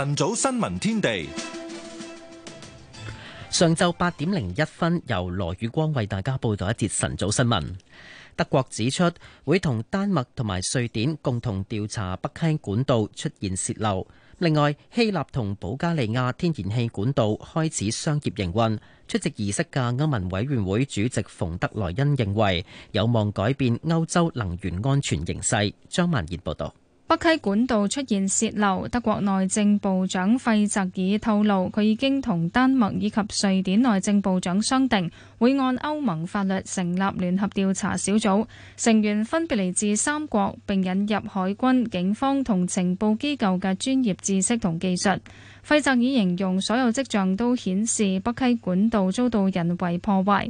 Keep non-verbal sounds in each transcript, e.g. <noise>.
晨早新聞天地，上晝八點零一分，由羅宇光為大家報道一節晨早新聞。德國指出會同丹麥同埋瑞典共同調查北溪管道出現洩漏。另外，希臘同保加利亞天然氣管道開始商業營運。出席儀式嘅歐盟委員會主席馮德萊恩認為，有望改變歐洲能源安全形勢。張萬賢報道。北溪管道出現洩漏，德國內政部長費澤爾透露，佢已經同丹麥以及瑞典內政部長商定，會按歐盟法律成立聯合調查小組，成員分別嚟自三國，並引入海軍、警方同情報機構嘅專業知識同技術。費澤爾形容，所有跡象都顯示北溪管道遭到人為破壞。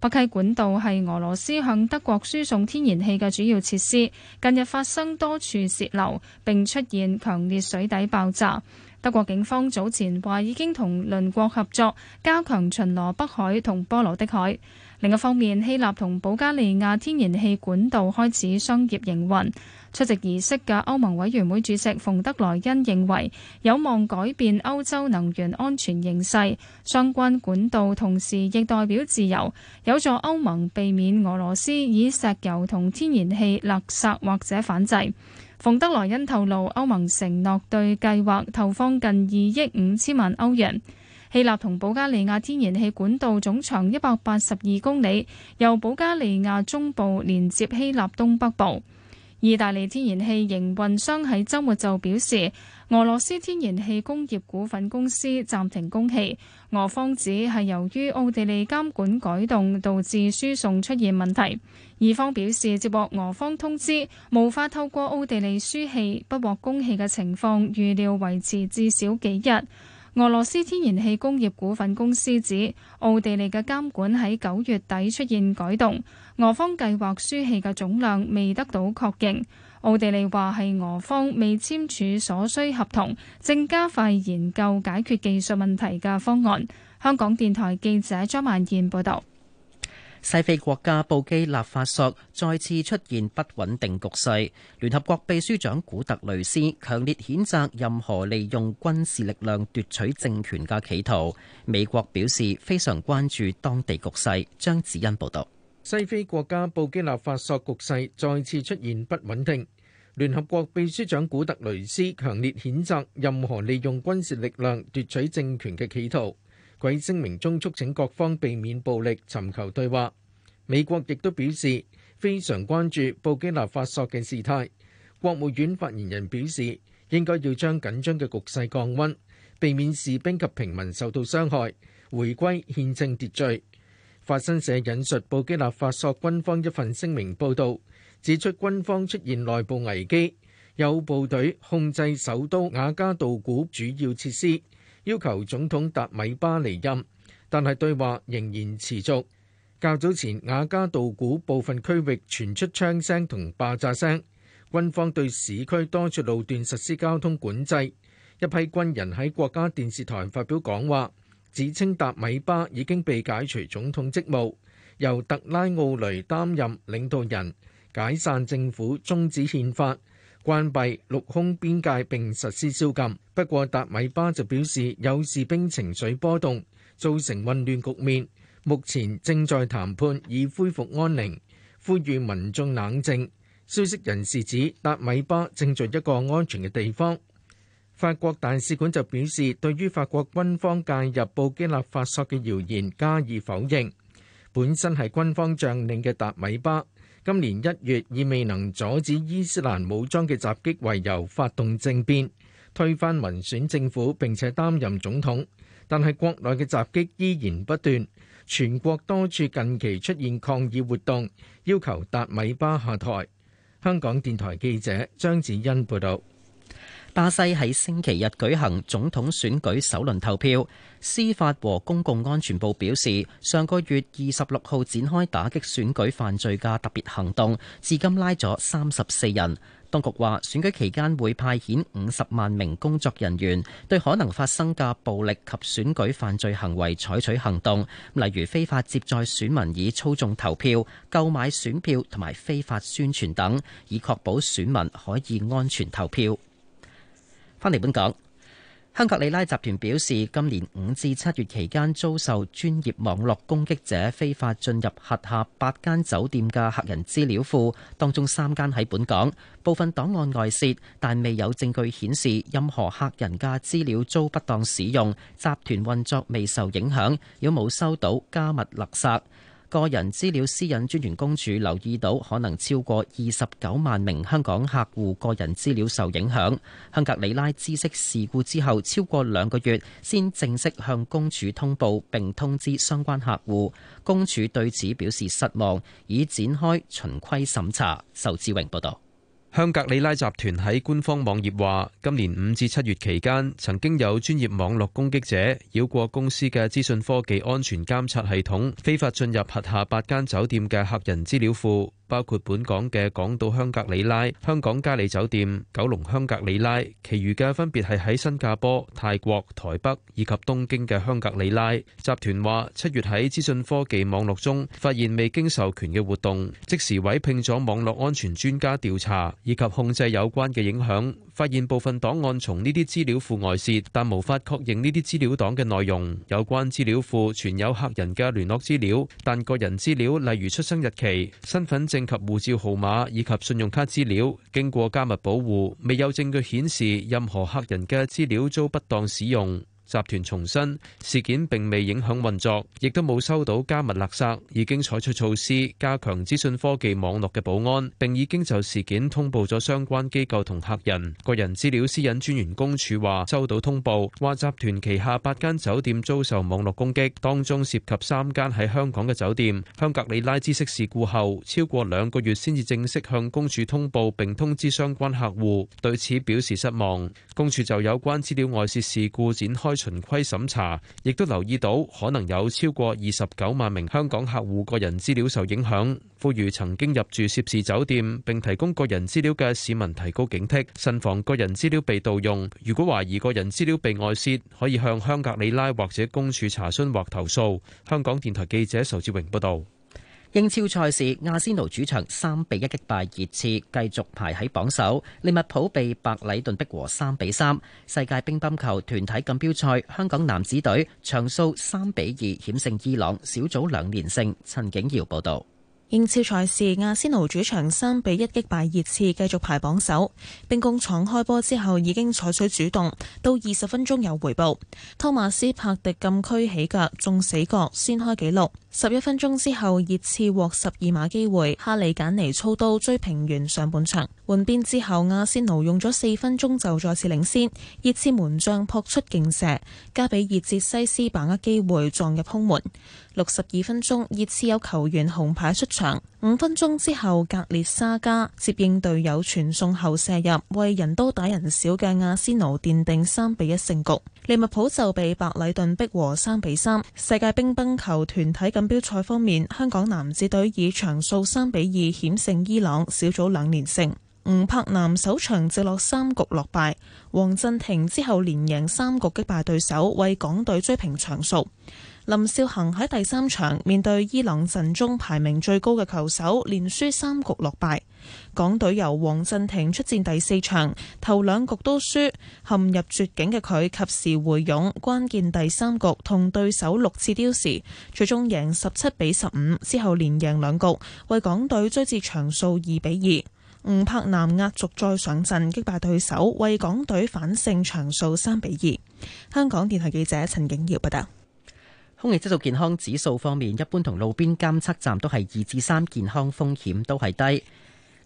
北溪管道係俄羅斯向德國輸送天然氣嘅主要設施，近日發生多處洩漏，並出現強烈水底爆炸。德國警方早前話已經同鄰國合作，加強巡邏北海同波羅的海。另一方面，希臘同保加利亞天然氣管道開始商業營運。出席儀式嘅歐盟委員會主席馮德萊恩認為，有望改變歐洲能源安全形勢。相關管道同時亦代表自由，有助歐盟避免俄羅斯以石油同天然氣勒索或者反制。馮德萊恩透露，歐盟承諾對計劃投放近二億五千萬歐元。希臘同保加利亞天然氣管道總長一百八十二公里，由保加利亞中部連接希臘東北部。意大利天然氣營運商喺週末就表示，俄羅斯天然氣工業股份公司暫停供氣。俄方指係由於奧地利監管改動導致輸送出現問題，意方表示接獲俄方通知，無法透過奧地利輸氣，不獲供氣嘅情況預料維持至少幾日。俄羅斯天然氣工業股份公司指，奧地利嘅監管喺九月底出現改動，俄方計劃輸氣嘅總量未得到確認。奧地利話係俄方未簽署所需合同，正加快研究解決技術問題嘅方案。香港電台記者張曼燕報道。西非國家布基納法索再次出現不穩定局勢，聯合國秘書長古特雷斯強烈譴責任何利用軍事力量奪取政權嘅企圖。美國表示非常關注當地局勢。張子欣報道：西非國家布基納法索局勢再次出現不穩定，聯合國秘書長古特雷斯強烈譴責任何利用軍事力量奪取政權嘅企圖。鬼聲明中促請各方避免暴力，尋求對話。美國亦都表示非常關注布基納法索嘅事態。國務院發言人表示，應該要將緊張嘅局勢降溫，避免士兵及平民受到傷害，回歸憲政秩序。法新社引述布基納法索軍方一份聲明報導，指出軍方出現內部危機，有部隊控制首都瓦加杜古主要設施。要求總統達米巴離任，但係對話仍然持續。較早前，瓦加杜古部分區域傳出槍聲同爆炸聲，軍方對市區多處路段實施交通管制。一批軍人喺國家電視台發表講話，指稱達米巴已經被解除總統職務，由特拉奧雷擔任領導人，解散政府，終止憲法。關閉陸空邊界並實施宵禁。不過達米巴就表示有士兵情緒波動，造成混亂局面。目前正在談判，已恢復安寧，呼籲民眾冷靜。消息人士指達米巴正在一個安全嘅地方。法國大使館就表示，對於法國軍方介入布基納法索嘅謠言加以否認。本身係軍方將領嘅達米巴，今年一月以未能阻止伊斯蘭武裝嘅襲擊為由發動政變，推翻民選政府並且擔任總統。但係國內嘅襲擊依然不斷，全國多處近期出現抗議活動，要求達米巴下台。香港電台記者張子欣報道。巴西喺星期日舉行總統選舉首輪投票，司法和公共安全部表示，上個月二十六號展開打擊選舉犯罪嘅特別行動，至今拉咗三十四人。當局話，選舉期間會派遣五十萬名工作人員，對可能發生嘅暴力及選舉犯罪行為採取行動，例如非法接載選民以操縱投票、購買選票同埋非法宣傳等，以確保選民可以安全投票。返嚟本港，香格里拉集團表示，今年五至七月期間遭受專業網絡攻擊者非法進入轄下八間酒店嘅客人資料庫，當中三間喺本港。部分檔案外泄，但未有證據顯示任何客人嘅資料遭不當使用。集團運作未受影響，如果冇收到加密勒索。個人資料私隱專員公署留意到，可能超過二十九萬名香港客戶個人資料受影響。香格里拉知悉事故之後，超過兩個月先正式向公署通報並通知相關客戶。公署對此表示失望，已展開循規審查。仇志榮報道。香格里拉集團喺官方網頁話：今年五至七月期間，曾經有專業網絡攻擊者繞過公司嘅資訊科技安全監察系統，非法進入轄下八間酒店嘅客人資料庫，包括本港嘅港島香格里拉、香港嘉里酒店、九龍香格里拉，其餘嘅分別係喺新加坡、泰國、台北以及東京嘅香格里拉。集團話七月喺資訊科技網絡中發現未經授權嘅活動，即時委聘咗網絡安全專家調查。以及控制有關嘅影響，發現部分檔案從呢啲資料庫外洩，但無法確認呢啲資料檔嘅內容。有關資料庫存有客人嘅聯絡資料，但個人資料，例如出生日期、身份證及護照號碼，以及信用卡資料，經過加密保護，未有證據顯示任何客人嘅資料遭不當使用。集團重申事件並未影響運作，亦都冇收到加密勒索。已經採取措施加強資訊科技網絡嘅保安，並已經就事件通報咗相關機構同客人。個人資料私隱專員公署話收到通報，話集團旗下八間酒店遭受網絡攻擊，當中涉及三間喺香港嘅酒店。香格里拉知悉事故後超過兩個月先至正式向公署通報並通知相關客戶，對此表示失望。公署就有關資料外泄事，事故展開循規審查，亦都留意到可能有超過二十九萬名香港客戶個人資料受影響，呼籲曾經入住涉事酒店並提供個人資料嘅市民提高警惕，慎防個人資料被盜用。如果懷疑個人資料被外泄，可以向香格里拉或者公署查詢或投訴。香港電台記者仇志榮報道。英超賽事，阿仙奴主場三比一擊敗熱刺，繼續排喺榜首。利物浦被白禮頓逼和三比三。世界乒乓球團體錦標賽，香港男子隊場長數三比二險勝伊朗，小組兩連勝。陳景瑤報道。英超賽事，阿仙奴主場三比一擊敗熱刺，繼續排榜首。兵工廠開波之後已經採取主動，到二十分鐘有回報。托馬斯帕迪禁區起腳中死角，先開紀錄。十一分鐘之後，熱刺獲十二碼機會，哈利簡尼操刀追平完上半場。換邊之後，阿仙奴用咗四分鐘就再次領先，熱刺門將撲出勁射，加俾熱切西斯把握機會撞入空門。六十二分鐘，熱刺有球員紅牌出場。五分鐘之後，格列沙加接應隊友傳送後射入，為人多打人少嘅阿仙奴奠定三比一勝局。利物浦就被白禮頓逼和三比三。世界乒乓球團體錦標賽方面，香港男子隊以場數三比二險勝伊朗，小組兩連勝。吳柏南首場直落三局落敗，黃鎮廷之後連贏三局擊敗對手，為港隊追平場數。林少恒喺第三場面對伊朗陣中排名最高嘅球手，連輸三局落敗。港隊由黃振廷出戰第四場，頭兩局都輸，陷入絕境嘅佢及時回勇，關鍵第三局同對手六次刁時，最終贏十七比十五。之後連贏兩局，為港隊追至場數二比二。吳柏南壓軸再上陣擊敗對手，為港隊反勝場數三比二。香港電台記者陳景耀報道。空氣質素健康指數方面，一般同路邊監測站都係二至三，健康風險都係低。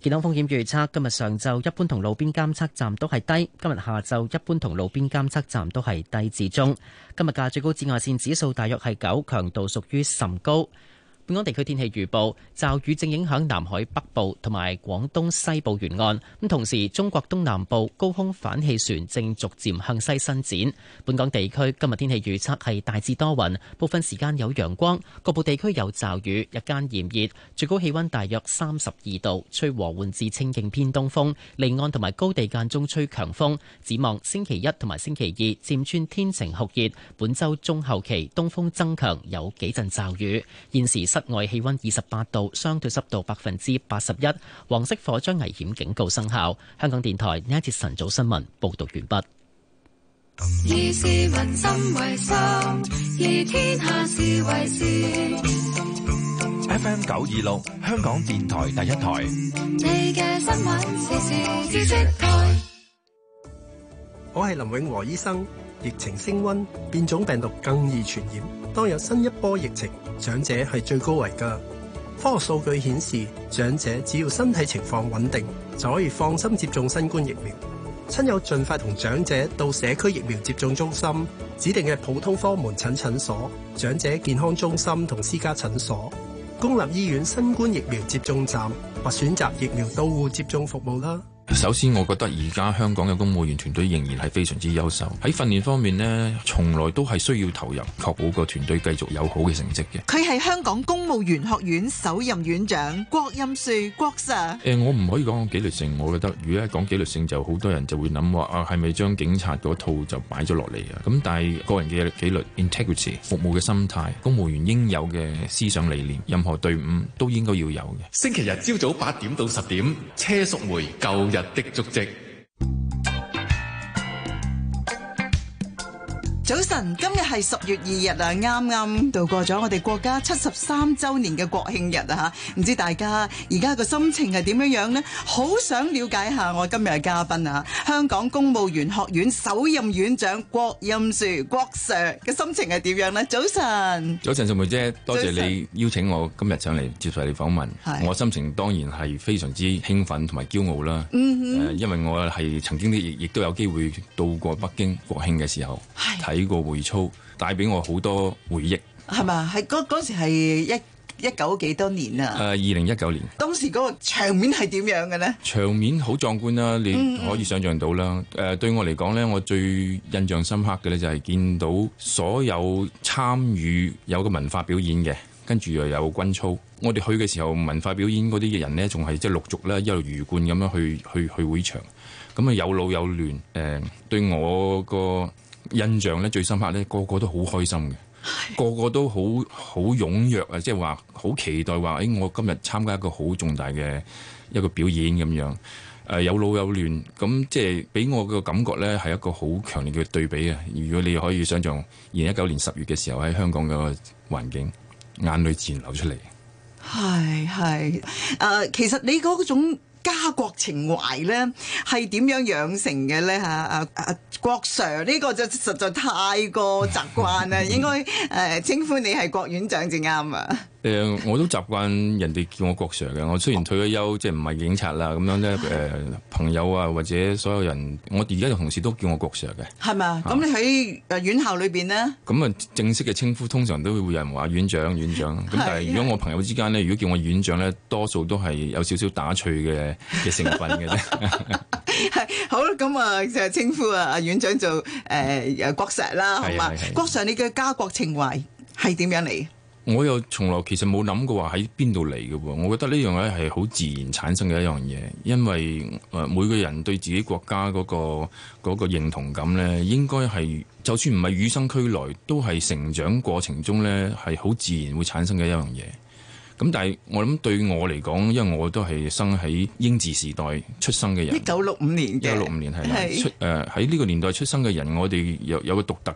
健康風險預測，今日上晝一般同路邊監測站都係低，今日下晝一般同路邊監測站都係低至中。今日嘅最高紫外線指數大約係九，強度屬於甚高。本港地區天氣預報，驟雨正影響南海北部同埋廣東西部沿岸。咁同時，中國東南部高空反氣旋正逐漸向西伸展。本港地區今日天氣預測係大致多雲，部分時間有陽光。局部地區有驟雨，日間炎熱，最高氣溫大約三十二度，吹和緩至清勁偏東風。離岸同埋高地間中吹強風。展望星期一同埋星期二漸轉天晴酷熱。本週中後期東風增強，有幾陣驟雨。現時，室外氣溫二十八度，相對濕度百分之八十一，黃色火災危險警告生效。香港電台呢一節晨早新聞報道完畢。以天下事為事，F M 九二六，香港電台第一台。你嘅新聞時時知識台，我係林永和醫生。疫情升温，變種病毒更易傳染。當有新一波疫情，長者係最高危㗎。科學數據顯示，長者只要身體情況穩定，就可以放心接種新冠疫苗。親友盡快同長者到社區疫苗接種中心、指定嘅普通科門診診所、長者健康中心同私家診所、公立醫院新冠疫苗接種站或選擇疫苗到戶接種服務啦。首先，我覺得而家香港嘅公務員團隊仍然係非常之優秀。喺訓練方面呢，從來都係需要投入，確保個團隊繼續有好嘅成績嘅。佢係香港公務員學院首任院長郭蔭庶，郭 Sir。誒、呃，我唔可以講紀律性。我覺得如果一講紀律性，就好多人就會諗話啊，係咪將警察嗰套就擺咗落嚟啊？咁但係個人嘅紀律、integrity、服務嘅心態、公務員應有嘅思想理念，任何隊伍都應該要有嘅。星期日朝早八點到十點，車淑梅舊日的足跡。早晨，今日係十月二日啊，啱啱度過咗我哋國家七十三周年嘅國慶日啊吓，唔知大家而家個心情係點樣樣咧？好想了解下我今日嘅嘉賓啊，香港公務員學院首任院長郭蔭庶郭 Sir 嘅心情係點樣咧？早晨，早晨，淑梅姐，多謝你邀請我今日上嚟接受你訪問，我心情當然係非常之興奮同埋驕傲啦。嗯，因為我係曾經亦亦都有機會到過北京國慶嘅時候係。幾個回操帶俾我好多回憶，係嘛？係嗰嗰時係一一九幾多年啊？誒、呃，二零一九年，當時嗰個場面係點樣嘅呢？場面好壯觀啦、啊，你可以想象到啦。誒、嗯嗯呃，對我嚟講呢，我最印象深刻嘅呢，就係見到所有參與有個文化表演嘅，跟住又有軍操。我哋去嘅時候，文化表演嗰啲嘅人呢，仲係即係陸續咧一路魚貫咁樣去去去，去會場，咁啊有老有嫩。誒、呃，對我個。印象咧最深刻咧，個個都好開心嘅，的個個都好好踴躍啊！即係話好期待話，誒、哎、我今日參加一個好重大嘅一個表演咁樣，誒、呃、有老有嫩，咁即係俾我嘅感覺咧，係一個好強烈嘅對比啊！如果你可以想像二零一九年十月嘅時候喺香港嘅環境，眼淚自然流出嚟。係係，誒、呃、其實你嗰種。家國情懷咧係點樣養成嘅咧嚇？啊啊，郭 Sir 呢個就實在太過習慣啦， <laughs> 應該誒、呃、稱呼你係國院長至啱啊！誒、呃，我都習慣人哋叫我郭 Sir 嘅。我雖然退咗休，即係唔係警察啦，咁樣咧誒、呃，朋友啊或者所有人，我而家嘅同事都叫我郭 Sir 嘅。係嘛？咁你喺誒院校裏邊咧？咁啊，正式嘅稱呼通常都會有人話院長、院長。咁但係如果我朋友之間咧，如果叫我院長咧，多數都係有少少打趣嘅嘅成分嘅啫。係 <laughs> <laughs> 好啦，咁啊就係稱呼啊，阿院長做誒誒郭 Sir 啦，係嘛 <laughs> 的？郭 Sir，你嘅家國情懷係點樣嚟？我又從來其實冇諗過話喺邊度嚟嘅喎，我覺得呢樣嘢係好自然產生嘅一樣嘢，因為誒每個人對自己國家嗰個嗰個認同感呢，應該係就算唔係與生俱來，都係成長過程中呢，係好自然會產生嘅一樣嘢。咁但係我諗對我嚟講，因為我都係生喺英治時代出生嘅人，一九六五年，一九六五年係係誒喺呢個年代出生嘅人，我哋有有個獨特。